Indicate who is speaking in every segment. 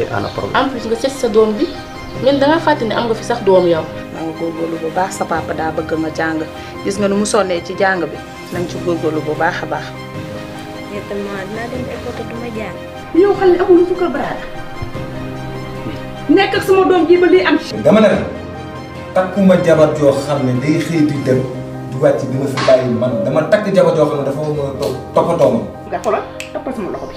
Speaker 1: et ana problème en plus nga seet sa doom bi mel da nga fàtte ne am nga fi sax doom yow na nga góorgóorlu bu baax sa papa daa bëgg nga jàng gis nga nu mu sonnee ci jàng ak sama doom ji ba lii am dama ne takkuma jabar joo xam ne day xëy di dem di wàcc di fi bàyyi man dama tak jabar joo xam ne dafa ma toppatoo ma nga xoolal toppal sama loxo bi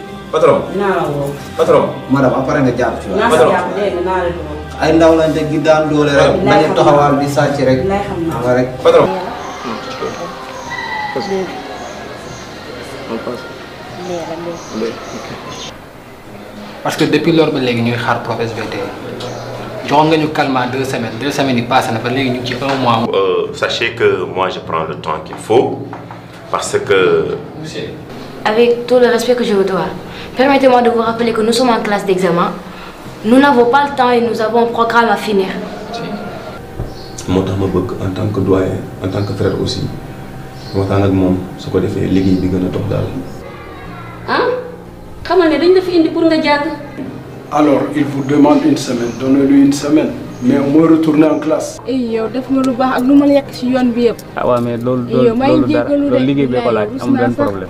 Speaker 1: patron naa la la jàpp naa la ay parce que depuis lors ba léegi ñuy xaar professeur VT joxoon nga ñu calmant deux semaines deux semaines yi passé na ba léegi ñu ngi ci un mois. Euh, sachez que moi je le temps qu'il faut parce que. avec tout le respect que je vous dois, permettez-moi de vous rappeler que nous sommes en classe d'examen. Nous n'avons pas le temps et nous avons un programme à finir. Montagne en tant que doyen, en tant que frère aussi. Montagne avec moi, ce qu'on a fait, l'église que bien dans Hein? Comment les gens fait pour nous Alors, il vous demande une semaine. Donnez-lui une semaine. mais moo retourner en classe. yow def ma lu baax ak lu la yàq si yoon bi yeb. ah wa mais lolou lolou dara loolu liggéey ko laaj am ben problème.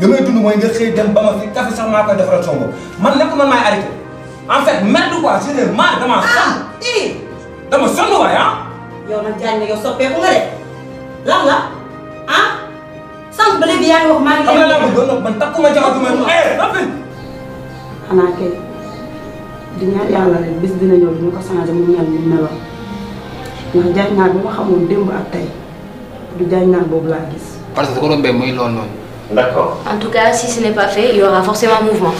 Speaker 1: li dund mooy nga dem ba ma fi café sax maa koy songo man nekk man maay arrêté en fait merde quoi je n'ai marre dama sonn. ii ah, dama sonn waay ah. yow nag jaañ na yow nga lan la ah sànq bële bi yaa wax maa ngi. xam nga doon man jaxatu eh rafet. xanaa kay di ñaan rek bis dina ñëw dina ko changé mu mel ni meloon ndax jaañ naan bu ma xamoon démb ak tey du jaañ gis. parce que ko doon bay mooy loolu D'accord. En tout cas, si ce n'est pas fait, il y aura forcément un mouvement.